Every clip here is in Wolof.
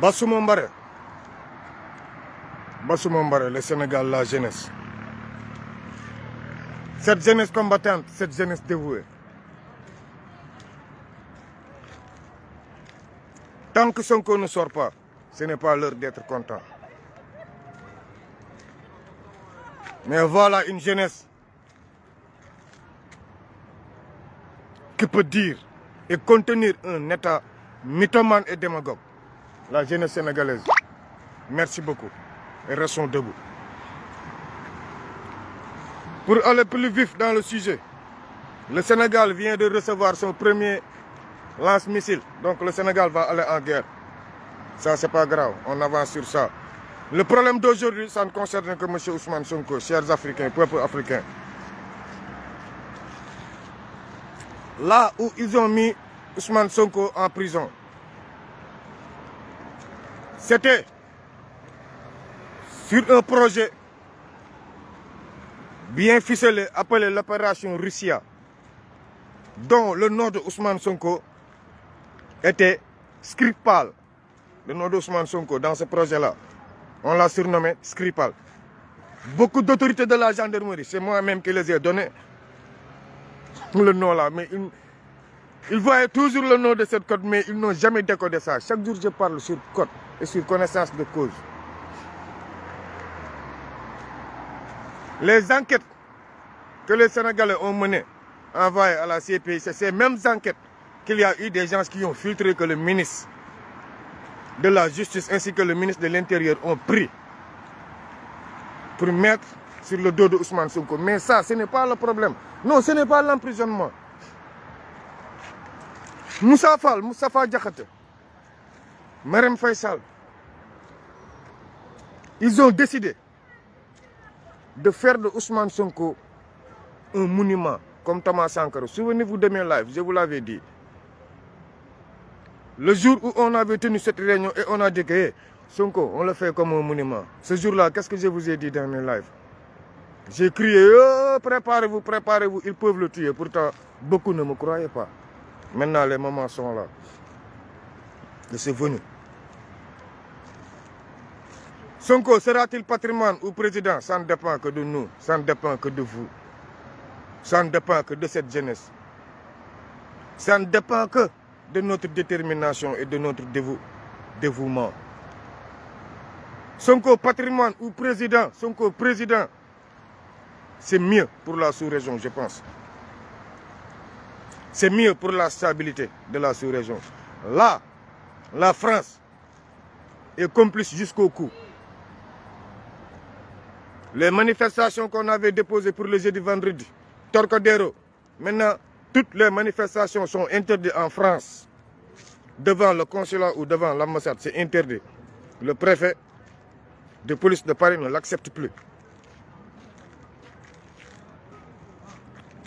Bassouma Mombare, le Sénégal la jeunesse cette jeunesse combattante cette jeunesse dévouée tant que son corps ne sort pas ce n'est pas l'heure d'être content mais voilà une jeunesse qui peut dire et contenir un État mythomane et démagogue la jeunesse sénégalaise, merci beaucoup et restons debout. Pour aller plus vif dans le sujet, le Sénégal vient de recevoir son premier lance-missile. Donc le Sénégal va aller en guerre. Ça, c'est pas grave. On avance sur ça. Le problème d'aujourd'hui, ça ne concerne que M. Ousmane Sonko, chers Africains, peuple africains... Là où ils ont mis Ousmane Sonko en prison, c'était sur un projet bien ficelé appelé l'opération Russia, dont le nom de Ousmane Sonko était Skripal. Le nom d'Ousmane Sonko dans ce projet-là, on l'a surnommé Skripal. Beaucoup d'autorités de la gendarmerie, c'est moi-même qui les ai donné le nom-là, mais ils, voient voyaient toujours le nom de cette code, mais ils n'ont jamais décodé ça. Chaque jour, je parle sur code et sur connaissance de cause. Les enquêtes que les Sénégalais ont menées, envoyées à la CPI, c'est ces mêmes enquêtes qu'il y a eu des gens qui ont filtré que le ministre de la Justice ainsi que le ministre de l'Intérieur ont pris pour mettre sur le dos de Ousmane Sonko. Mais ça, ce n'est pas le problème. Non, ce n'est pas l'emprisonnement. Moussa Fall, Moussa Fall Marem Faisal, ils ont décidé de faire de Ousmane Sonko un monument comme Thomas Sankara. Souvenez-vous de mes lives, je vous l'avais dit. Le jour où on avait tenu cette réunion et on a dit que Sonko, on le fait comme un monument. Ce jour-là, qu'est-ce que je vous ai dit dans mes lives J'ai crié, oh, préparez-vous, préparez-vous, ils peuvent le tuer. Pourtant, beaucoup ne me croyaient pas. Maintenant, les moments sont là de ce venu. Sonko sera-t-il patrimoine ou président Ça ne dépend que de nous, ça ne dépend que de vous, ça ne dépend que de cette jeunesse. Ça ne dépend que de notre détermination et de notre dévouement. Sonko patrimoine ou président, Sonko président, c'est mieux pour la sous-région, je pense. C'est mieux pour la stabilité de la sous-région. Là, la France est complice jusqu'au cou. Les manifestations qu'on avait déposées pour le jeudi vendredi, Torcadero, maintenant toutes les manifestations sont interdites en France. Devant le consulat ou devant l'ambassade, c'est interdit. Le préfet de police de Paris ne l'accepte plus.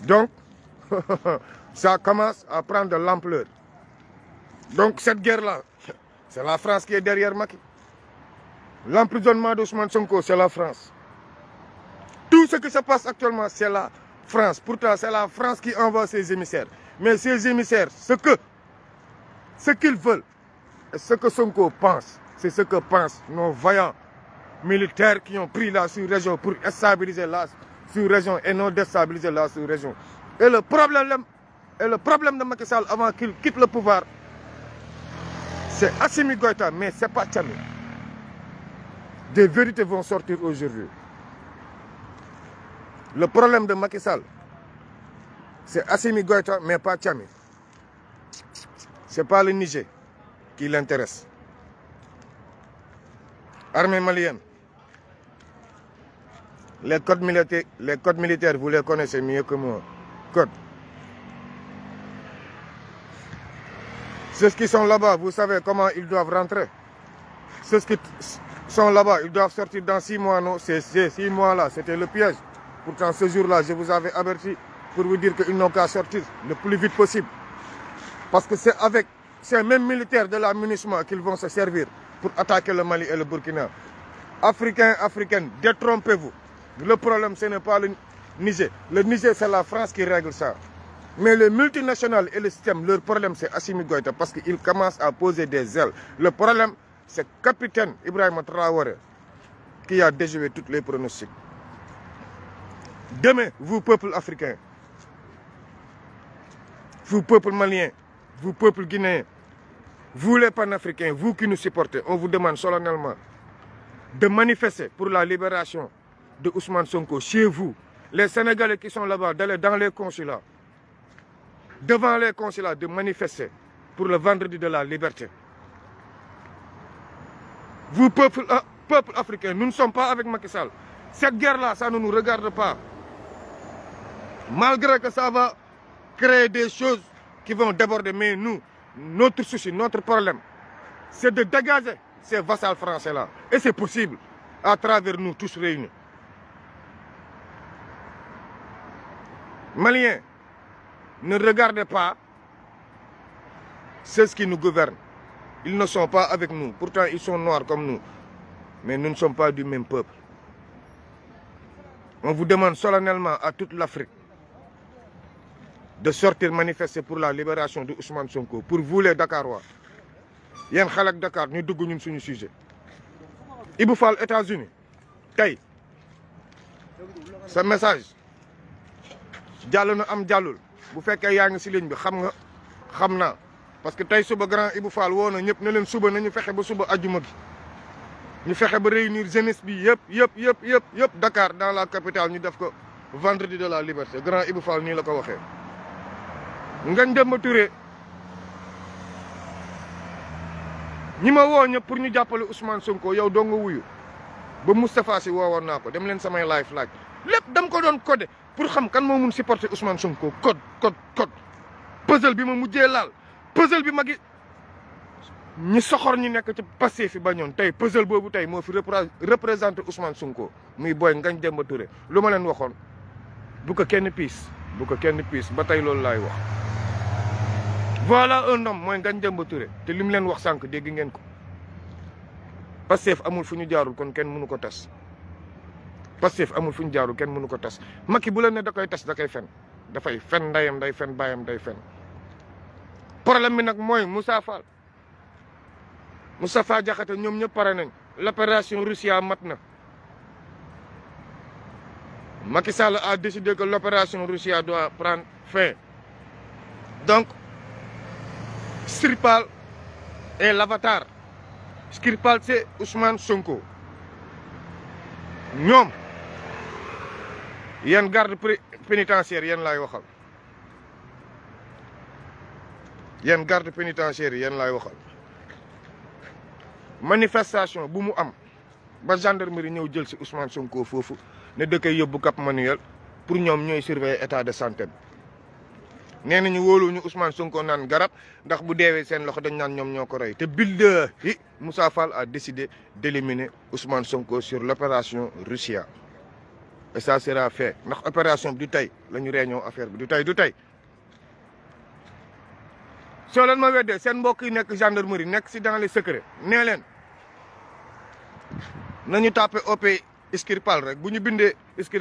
Donc, ça commence à prendre de l'ampleur. Donc cette guerre-là, c'est la France qui est derrière Macky. L'emprisonnement d'Ousmane Sonko, c'est la France. Tout ce qui se passe actuellement, c'est la France. Pourtant, c'est la France qui envoie ses émissaires. Mais ces émissaires, ce que ce qu'ils veulent, ce que Sonko pense, c'est ce que pensent nos vaillants militaires qui ont pris la sous-région pour stabiliser la sous-région et non déstabiliser la sous-région. Et le problème, et le problème de Macky Sall avant qu'il quitte le pouvoir, c'est Assimi Goïta, mais ce n'est pas Tchami. Des vérités vont sortir aujourd'hui. Le problème de Macky Sall, c'est Assimi Goïta, mais pas Tchami. Ce n'est pas le Niger qui l'intéresse. Armée malienne, les codes, militaires, les codes militaires, vous les connaissez mieux que moi. Code Ceux qui sont là-bas, vous savez comment ils doivent rentrer. Ceux qui sont là-bas, ils doivent sortir dans six mois. Non, ces six mois-là, c'était le piège. Pourtant, ce jour-là, je vous avais averti pour vous dire qu'ils n'ont qu'à sortir le plus vite possible. Parce que c'est avec ces mêmes militaires de l'amunissement qu'ils vont se servir pour attaquer le Mali et le Burkina. Africains, africaines, détrompez-vous. Le problème, ce n'est pas le Niger. Le Niger, c'est la France qui règle ça. Mais les multinationales et le système, leur problème c'est Assimi Goïta parce qu'ils commencent à poser des ailes. Le problème c'est capitaine Ibrahim Traoré qui a déjoué toutes les pronostics. Demain, vous peuple africain, vous peuple malien, vous peuple guinéen, vous les panafricains, vous qui nous supportez, on vous demande solennellement de manifester pour la libération de Ousmane Sonko chez vous. Les Sénégalais qui sont là-bas, d'aller dans les consulats, devant les consulats de manifester pour le vendredi de la liberté. Vous, peuple, euh, peuple africain, nous ne sommes pas avec Macky Sall. Cette guerre-là, ça ne nous regarde pas. Malgré que ça va créer des choses qui vont déborder, mais nous, notre souci, notre problème, c'est de dégager ces vassals français-là. Et c'est possible à travers nous tous réunis. Maliens, ne regardez pas ce qui nous gouverne. Ils ne sont pas avec nous. Pourtant, ils sont noirs comme nous. Mais nous ne sommes pas du même peuple. On vous demande solennellement à toute l'Afrique de sortir manifester pour la libération de Ousmane Sonko. Pour vous les Dakarois. un Khalak Dakar, nous devons sur le sujet. les États-Unis. C'est Ce message. am bu fekkee yaa ngi bi xam nga xam parce que tay suba grand Ibou Fall woo na ñëpp ne leen suba nañu fexé ba suba aljuma bi ñu fexé ba réunir jeunesse bi yëpp yëpp yëpp yëpp yëpp Dakar dans la capitale ñu def ko vendredi de la liberté grand Ibou Fall ni la ko waxé Ngagne Demba Touré ñi ma woo pour ñu jappalé Ousmane Sonko yow do nga wuyu ba mustapha Sy woowoon naa ko dem leen samay live laaj lepp dam ko don codé pour xam kan mo mun supporter Ousmane Sonko kod kod kod puzzle bi mo mujjé lal puzzle bi magi ñi soxor ñi nek ci passé fi bañon tay puzzle bobu tay mo fi représenter Ousmane Sonko muy booy Ngagne Demba Touré luma len waxon bu ko kenn piis bu ko kenn piis ba tay loolu lay wax voilà un homme mooy Ngagne Demba Touré te lim len wax sank dégg ngeen ko passé amul fuñu jaarul kon kenn mënu ko tass Pastef amul fu ñu jaaru kenn mënu ko tas Macky bu leen ne da koy tas da fen dafay fen ndayam day fen baayam day fen problème bi nag mooy Moussa Fall Moustapha Diakhaté ñoom ñëpp pare nañ l'opération Russia mat na Macky Sall a décidé que l'opération Russia doit prendre fin donc Skripal est l'avatar Skripal c'est Ousmane Sonko ñoom yéen garde pénitentiaire yéen laay waxal yéen garde pénitentiaire yéen laay waxal manifestation bu mu am ba gendarmerie ñëw jël si Ousmane Sonko foofu ne da koy yóbbu Cap Manuel pour ñoom ñooy surveiller état de santé bi nee nañu wóoluñu Ousmane Sonko naan garab ndax bu deewee seen loxo dañ naan ñoom ñoo ko rey te billahi Moussa Fall a décidé d'éliminer Ousmane Sonko sur l'opération Russia et ça sera fait ndax opération bi du tey la ñu réunion affaire bi du tey du tey soo leen ma weddee seen mbokk yi nekk gendarmerie n'est si dans les secrets nee leen nañu tapons OP Skripal rek bu ñu bindee S K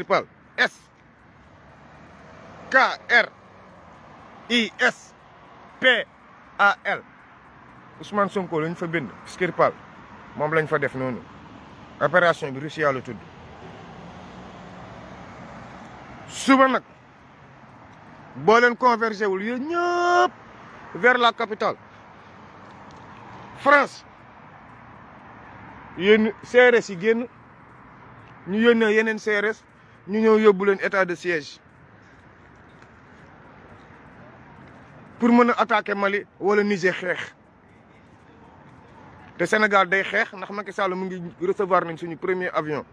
R I S P A L Ousmane Sonko lañ fa bind Skripal moom lañ fa def noonu opération bi Russie la suba nag boo leen convergé wul yéen vers la capitale France Une CRS yi génn ñu yónnee yeneen CRS ñu ñëw yóbbu leen état de siège pour mën a attaquer Mali wala Niger xeex te Sénégal day xeex ndax Macky Sall mu ngi recevoir nañ suñu premier avion.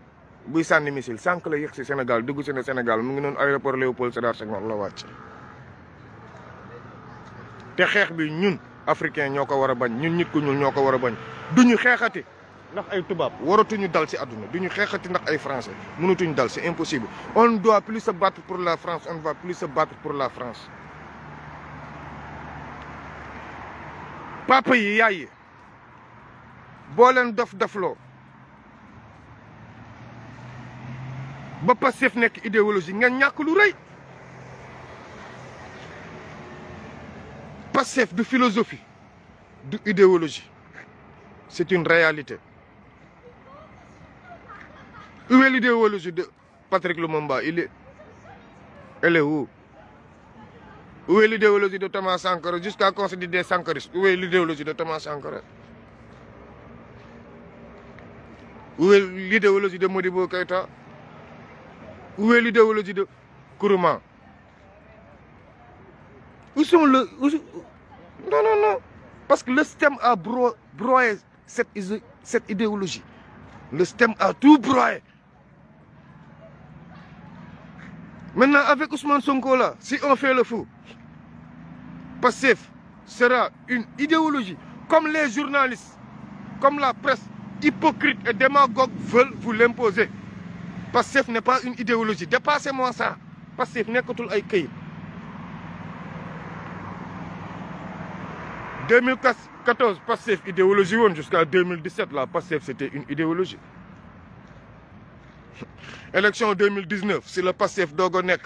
buy sanni missile sank la yex ci Sénégal duggu ci senegal Sénégal mu ngi non aéroport leopold Sédar non la wacc té xex bi ñun africain ñoko wara bañ ñun nit ku ñul ñoko wara bañ duñu xexati ndax ay tubaab waratuñu dal ci aduna duñu xexati ndax ay français mënatuñu dal c'est impossible on doit plus se battre pour la France on va plus se battre pour la France papa yi yaay bo len dof dof lo ba Pastef nek idéologie nga ñak lu Pas Pastef du philosophie du idéologie c'est une réalité où est l'idéologie de Patrick Lumumba il est elle est où où est l'idéologie de Thomas Sankara jusqu'à considérer des Sankaris où est l'idéologie de Thomas Sankara où est l'idéologie de Modibo Keïta où est l'idéologie de Kourouma Où sont le... Non, non, non. Parce que le système a broyé cette, idéologie. Le système a tout broyé. Maintenant, avec Ousmane Sonko là, si on fait le fou, passif sera une idéologie. Comme les journalistes, comme la presse hypocrite et démagogue veulent vous l'imposer. Passif n'est pas une idéologie dépassez-moi ça Pastef tout ay këyit 2014 passif idéologie jusqu'en jusqu'à 2017 là Pastef c'était une idéologie élection 2019 c'est le passif dogonek,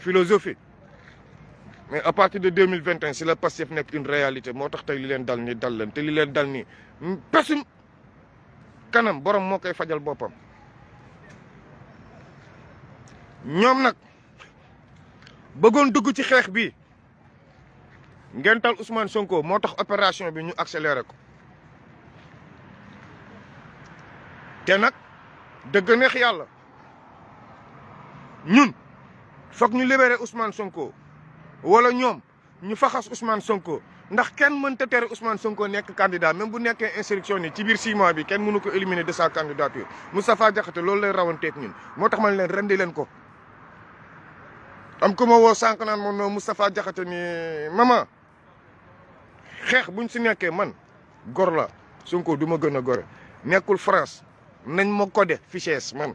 philosophie mais à partir de 2021 c'est le Pastef n'est une réalité moo tax tey li leen dal nii dal leen te li leen dal nii je kanam borom moo koy fajal ñoom nag bëggoon dugg ci xeex bi ngental Ousmane Sonko moo tax opération bi ñu accéléré ko te nag dëgg neex yàlla ñun foog ñu libéré Ousmane Sonko wala ñoom ñu faxas Ousmane Sonko ndax kenn mënta tere Ousmane Sonko nekk candidat même bu nekkee instruction ni ci biir six mois bi kenn mënu ko éliminer de sa candidature Moustapha Diakhaté loolu lay rawanteeg ñun moo tax ma leen rendi leen ko. am ko mo wo sank nan mo no Moustapha jaxata ni mama xex buñ ci nekké man gor la Sonko du ma gën a France nañ ma ko def fiches man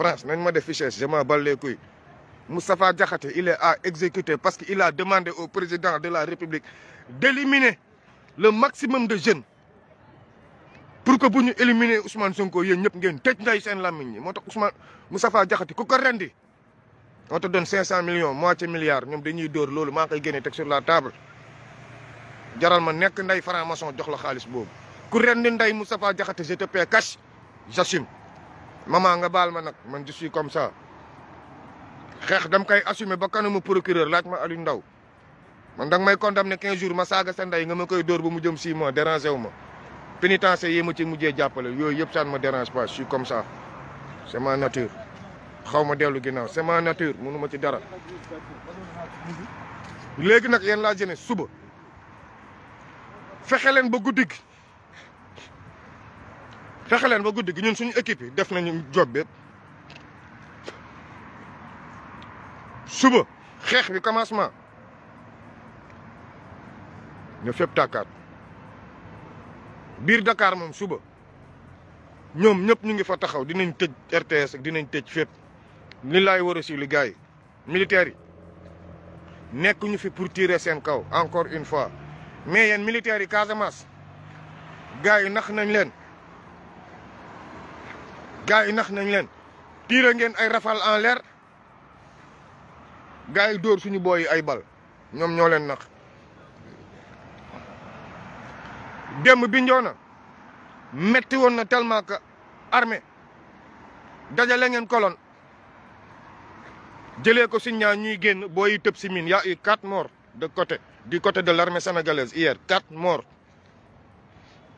France nañ ma def fichés je ma balé kuy couilles jaxata il est à exécuter parce qu'il a demandé au président de la République d'éliminer le maximum de jeunes pour que buñu éliminer Ousmane Sonko yeen ñep ngeen tej nday sen lamine ñi Ousmane Moustapha Diakhaté ku ko rendi on te donne 500 millions moitié milliard ñoom dañuy dóor loolu maa koy génne teg la table jaral ma nekk nday franc-maçon jox la xaalis boobu. ku ren ni nday Moustapha Diakhaté je te paie cash ma maa nga baal ma nag man je comme ça xeex dam koy assumer ba kanamu procureur laaj ma Aliou Ndao man danga may condamné 15 jours ma saaga sa nday nga ma koy dóor ba mu jëm 6 mois dérangé wu ma. pénitencier ma ci mujjee jàppale yooyu yëpp ça ma me dérange pas je suis comme ça c'est ma xaw ma dellu ginnaaw c'est ma nature mënu ma ci dara léegi nag yen laa jëne suba fexe leen ba guddi gi fexe leen ba guddi gi ñun suñu équipe yi def nañu job bépp suba xeex bi commencement ñu fépp tàkkaat biir Dakar moom suba ñoom ñëpp ñu ngi fa taxaw dinañ tëj RTS ak dinañ tëj fépp li laay war a suivre gars yi militaires yi nekk ñu fi pour tirer seen kaw encore une fois mais yéen militaires yi Casamance gars yi nax nañ leen gars yi nax nañ leen tiire ngeen ay rafal en leer gars yi dóor suñu boyi ay bal ñoom ñoo leen nax démb bi njoona metti woon na tellement que armée dajale ngeen colonne Il y a eu quatre morts de côté du côté de l'armée sénégalaise hier quatre morts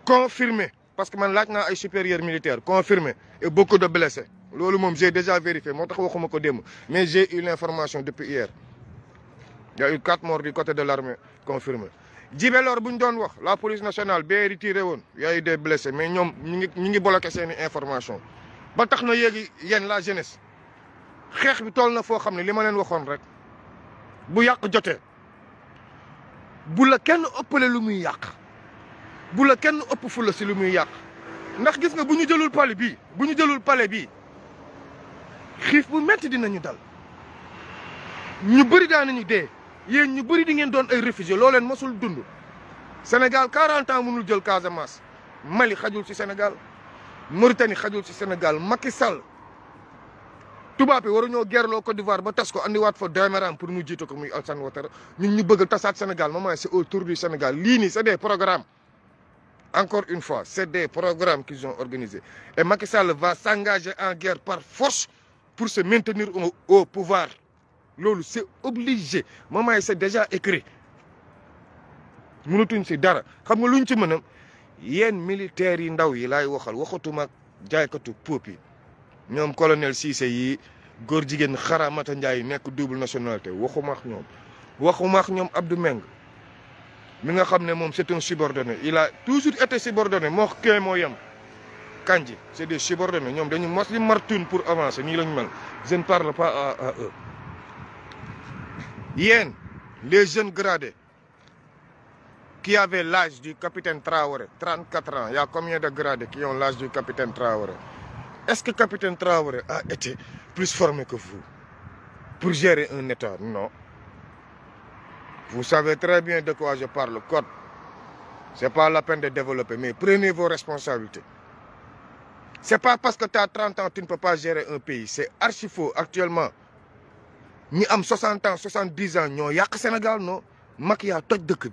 Confirmé. parce que je suis un supérieur militaire confirmé et beaucoup de blessés j'ai déjà vérifié mais j'ai eu l'information depuis hier Il y a eu quatre morts du côté de l'armée Confirmé. la police nationale été retiré Il y a eu des blessés mais nous avons une bloqué information la jeunesse xeex bi toll na foo xam ne li ma leen waxoon rek bu yàq jotee bu la kenn ëppale lu muy yàq bu la kenn ëpp fu la si lu muy yàq ndax gis nga bu ñu jëlul pale bi bu ñu jëlul pale bii xiif bu metti dinañu dal ñu bëri daanañu dee yéen ñu bari di ngeen doon ay réfugié loo leen mosul dund Sénégal 40 ans mënul jël Casamance Mali xajul ci Sénégal Mauritanie xajul ci Sénégal Macky Sall bi yi guerre gerloo Côte d'Ivoire ba tas ko andiwaat fa Dooméram pour mu jiite ko muy Alsan Water ñun ñu bëgg tasaat Sénégal maman c'est autour du Sénégal li sont c'est des programmes encore une fois c'est des programmes qu'ils ont organisés et Macky Sall va s'engager en guerre par force pour se maintenir au, pouvoir lolu c'est obligé maman c'est déjà écrit mënutuñ si dara xam nga luñ ci mëna a militaire militaires yi ndaw yi lay waxal waxatuma ñom colonel Cissé yi góor jigéen xaramata ndjay nek double nationalité waxuma ak ñom waxuma ak ñom Abdou Meng mi nga xamné mom c'est un subordonné il a toujours été subordonné mo kee mo yam kanji c'est des subordonnés ñom dañu mos li pour avancer ni lañu mel je ne parle pas à eux les jeunes gradés qui avaient l'âge du capitaine Traoré 34 ans il y a combien de gradés qui ont l'âge du capitaine Traoré est-ce que capitaine Traoré a été plus formé que vous pour gérer un État Non. Vous savez très bien de quoi je parle. ce n'est pas la peine de développer, mais prenez vos responsabilités. Ce n'est pas parce que tu as 30 ans que tu ne peux pas gérer un pays. C'est archi faux actuellement. Nous avons 60 ans, 70 ans, nous que Sénégal, non de avons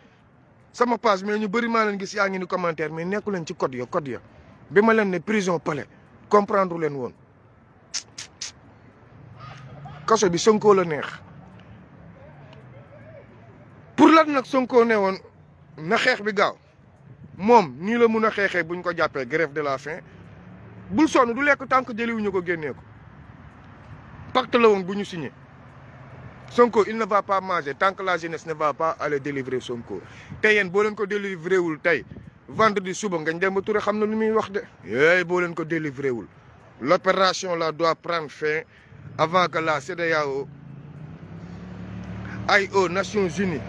sama page mais ñu bëri maa leen gis yaa ngi ni commentaire mais nekku leen ci code ya code ya bi ma leen ne prison pale comprendre leen woon kaso bi Sonko la neex pour lan nag Sonko ne woon na xeex bi gaaw moom nii la mun a xeexee buñ ko jàppee grève de la faim bul sonn du lekk tànk jëliwuñu ko génneeku ko la woon bu ñu signé Sonko il ne va pas manger tant que la jeunesse ne va pas aller délivrer Sonko tey yéen boo délivrer wul tey vendredi suba Ngagne Touré xam na wax délivrer wul là doit prendre fin avant que la CDAO aille aux Nations Unies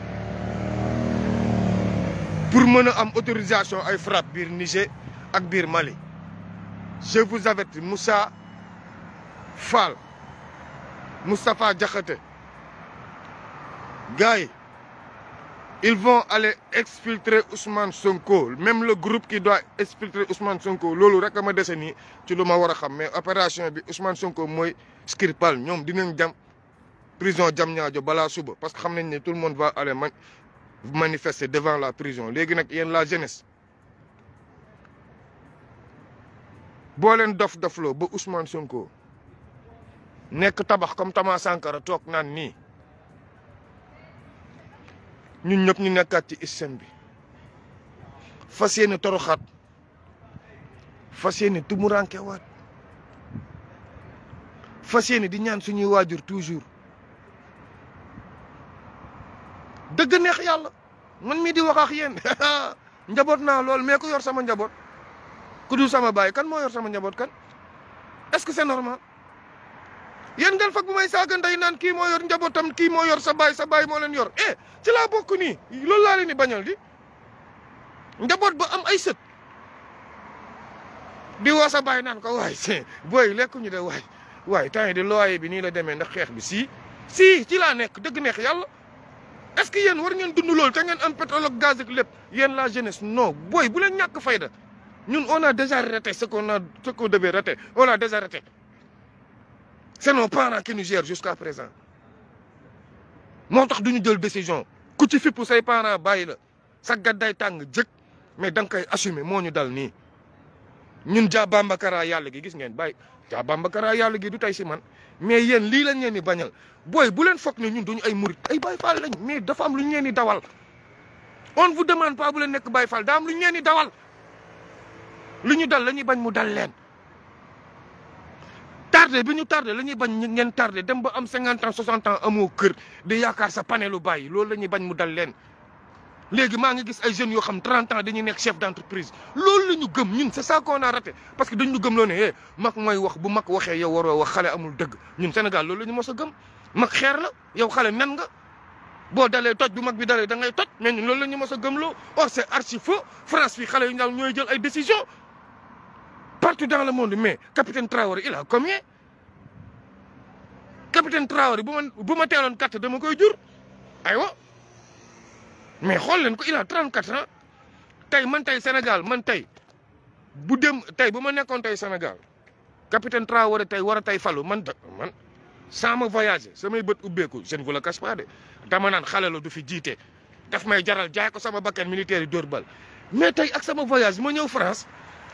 pour mën autorisation ay frappe bir Niger ak bir Mali je vous avertis Moussa Fall Moustapha Diakhaté ils vont aller exfiltrer Ousmane Sonko même le groupe qui doit exfiltrer Ousmane Sonko c'est ce que tu mais opération Ousmane Sonko Skirpal, nous sommes dans jam prison prison, parce que tout le monde va aller manifester devant la prison les nag la jeunesse dof Doflo, Ousmane Sonko nek tabax comme Thomas Sankara ni. ñun ñëpp ñu nekkat ci système bi fasiyene toroxat fasiyene tumuranké wat fasiyene di ñaan suñu wajur toujours deug neex yalla man mi di wax ak yeen njabot na lol me ko yor sama njabot ku du sama baye kan mo yor sama njabot kan est-ce que c'est normal yéen ngeen fa bu may saaga ndey naan kii moo yor njabootam kii moo yor sa baay sa baay moo leen yor eh ci laa bokk nii loolu laa leen di bañal di njaboot ba am ay sët di woo sa baay naan ko waay booy lekk ñu de waay waay temps yi di loyer bi nii la demee ndax xeex bi si si ci laa nekk dëgg neex yàlla est-ce que yéen war ngeen dund loolu te ngeen am pétrole ak gaz ak lépp yéen la jeunesse non booy bu leen ñàkk fayda ñun on a déjà raté ce qu'on a ce qu'on devait C'est nos parents qui nous gèrent jusqu'à présent. moo tax du ñu jël décision ku ci fippu say parents bàyyi Ça sa gàddaay tàng jëkk mais da nga koy assumer moo nous dal ni. ñun jaabambakaraa yàlla gi gis ngeen bàyyi jaabambakaraa yàlla gi du tey si man mais yéen lii lañ leen di bañal Boy, bu leen foog ne ñun duñu ay murit ay Baay Faal lañ mais dafa am lu ñu leen dawal on vous demande pas bu leen nek Baay Faal daa am lu ñu dawal lu dal la bañ mu dal leen tardé bi ñu tardé la ñuy bañ ngeen tardé dem ba am cinquante ans soixante ans amoo kër di yaakaar sa panelu bàyyi loolu la ñuy bañ mu dal leen. léegi maa ngi gis ay jeunes yoo xam 30 ans dañuy nekk chef d' loolu la ñu gëm ñun c' est ça qu' parce que dañu gëm loo ne eh mag mooy wax bu mag waxee yow waroo wax xale amul dëgg ñun Sénégal loolu la ñu mos a gëm mag xeer la yow xale nen nga. boo dalee toj bu mag bi dalee da ngay toj mais ñun loolu la ñu mos a gëm loo or oh, c' est archi faux France fii xale yu ñooy jël ay décision partout dans le monde mais capitaine Traoré il a combien capitaine Traoré bu ma bu teeloon carte dama koy jur aywa mais xool leen ko il a 34 ans tey man tey Sénégal man tey bu dem tey ba ma nekkoon tey Sénégal capitaine Traoré tey war a tey falu man da man sans ma voyager samay bët ubbeeku je ne vous le cache de dama naan xale du fi jiite daf may jaral jaay ko sama bakkan militaire yi dóor bal mais tey ak sama voyage moo ñëw France.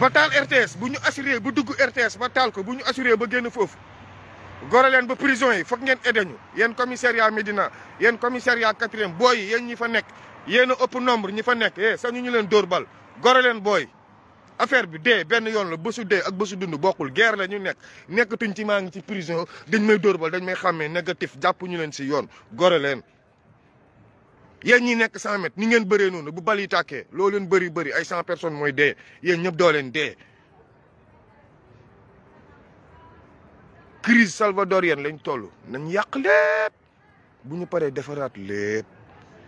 ba taal RTS bu ñu assuré bu dugg RTS ba taal ko bu ñu assuré ba génn foofu gore leen ba prison yi foog ngeen aider ñu yéen commissariat Médina yéen commissariat quatrième booy yi yéen ñi fa nekk yéen a ëpp nombre ñi fa nekk eh sañu ñu leen dóor bal gore leen booy affaire bi dee benn yoon la bésu dee ak bésu dund bokkul guerre la ñu nekk nekkatuñ ci maa ngi ci prison dañ may dóor bal dañ may xamee négatif jàpp ñu leen si yoon gore leen yeen ñi nek 100 mètres ni ngeen bëré non bu bal yi také lo leen bëri bëri ay 100 personnes moy dé yeen ñëp do leen dé crise salvadorienne lañ tollu nañ yaq lépp bu ñu paré défarat lépp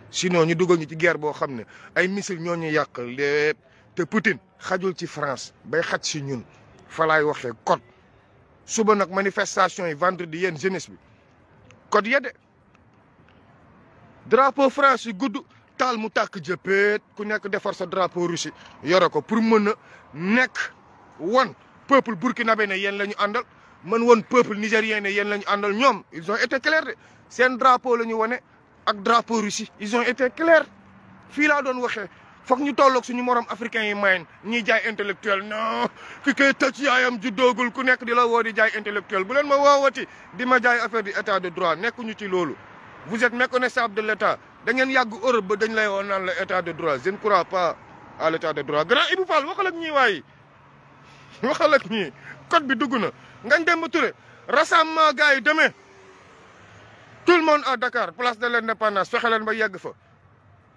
sinon ñu duggal ñu ci guerre bo xamné ay missile ñoo ñu yaq lépp té putin xajul ci France bay xat si ñun fa lay waxé code suba nak manifestation yi vendredi yeen jeunesse bi code ya de drapeau France yu gudd taal mu tàkk jëppeet ku nekk defar sa drapeau Russie yore ko pour mën a nekk wan peuple burkinabé ne yéen la ñu àndal mën woon peuple nigérien ne yéen la ñu àndal ñoom ils ont été clairs de seen drapeau la ñu wane ak drapeau Russie ils ont été clairs fii laa doon waxee foog ñu tolloog suñu morom africain yi mayen ñiy jaay intellectuel non ki koy tëj ju doogul ku nekk di la woo di jaay intellectuel bu leen ma woowati di ma jaay affaire di état de droit nekkuñu ci loolu vous êtes méconnaissable de l'État Vous ngeen yàgg Europe l'état de droit je ne crois pas à l'état de droit grand Ibou Fall waxal ak ñii waay waxal ak là. code bi duguna na ngañ dem Touré rassemblement gars demain tout le monde à Dakar place de l'indépendance fexe ba yegg fa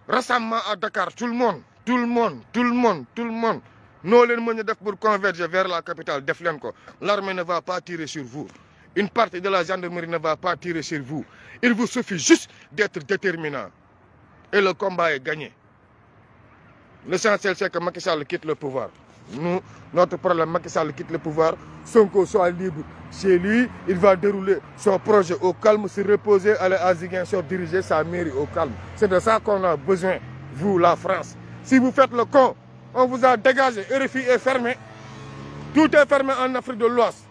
rassemblement à Dakar tout le monde tout le monde tout le monde tout le monde no leen mën def pour converger vers la capitale def leen ko l'armée ne va pas tirer sur vous une partie de la gendarmerie ne va pas tirer sur vous. Il vous suffit juste d'être déterminant. Et le combat est gagné. L'essentiel, c'est que Macky Sall quitte le pouvoir. Nous, notre problème, Macky Sall quitte le pouvoir. Sonko soit libre chez lui. Il va dérouler son projet au calme, se reposer, aller à Ziguinchor, diriger sa mairie au calme. C'est de ça qu'on a besoin, vous, la France. Si vous faites le con, on vous a dégagé. RFI est fermé. Tout est fermé en Afrique de l'Ouest.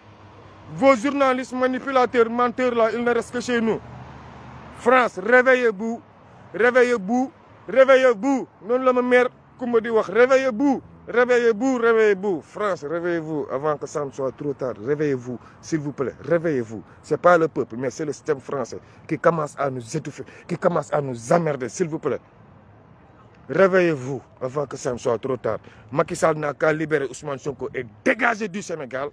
Vos journalistes manipulateurs, menteurs, là, ils ne restent que chez nous. France, réveillez-vous, réveillez-vous, réveillez-vous. Non, la mère, comme dit, réveillez-vous, réveillez-vous, réveillez-vous. France, réveillez-vous avant que ça ne soit trop tard. Réveillez-vous, s'il vous plaît, réveillez-vous. Ce n'est pas le peuple, mais c'est le système français qui commence à nous étouffer, qui commence à nous emmerder, s'il vous plaît. Réveillez-vous avant que ça ne soit trop tard. Macky Sall n'a qu'à libérer Ousmane Sonko et dégager du Sénégal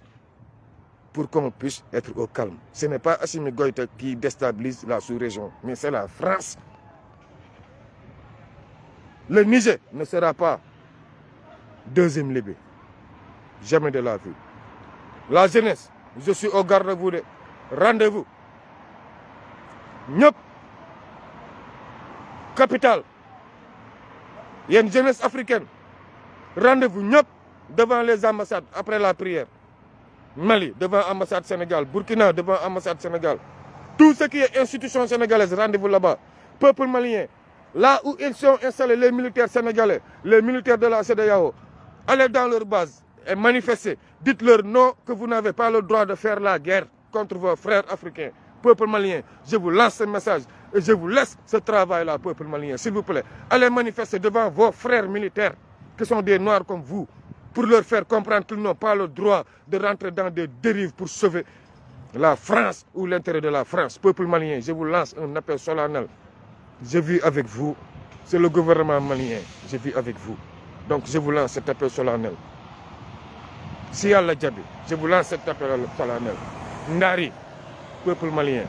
pour qu'on puisse être au calme. Ce n'est pas Assimi Goïta qui déstabilise la sous-région, mais c'est la France. Le Niger ne sera pas deuxième libé. Jamais de la vie. La jeunesse, je suis au garde-vous. Rendez-vous. Nyop. Capitale. Il y a une jeunesse africaine. Rendez-vous. Niop, Devant les ambassades après la prière. Mali devant l'ambassade Sénégal, Burkina devant l'ambassade Sénégal. Tout ce qui est institution sénégalaise, rendez-vous là-bas. Peuple malien, là où ils sont installés, les militaires sénégalais, les militaires de la CEDEAO, allez dans leur base et manifestez. Dites-leur non que vous n'avez pas le droit de faire la guerre contre vos frères africains. Peuple malien, je vous lance ce message et je vous laisse ce travail-là, peuple malien. S'il vous plaît, allez manifester devant vos frères militaires qui sont des noirs comme vous pour leur faire comprendre qu'ils n'ont pas le droit de rentrer dans des dérives pour sauver la France ou l'intérêt de la France. Peuple malien, je vous lance un appel solennel. Je vis avec vous. C'est le gouvernement malien. Je vis avec vous. Donc je vous lance cet appel solennel. Si Allah Djabi, je vous lance cet appel solennel. Nari, peuple malien,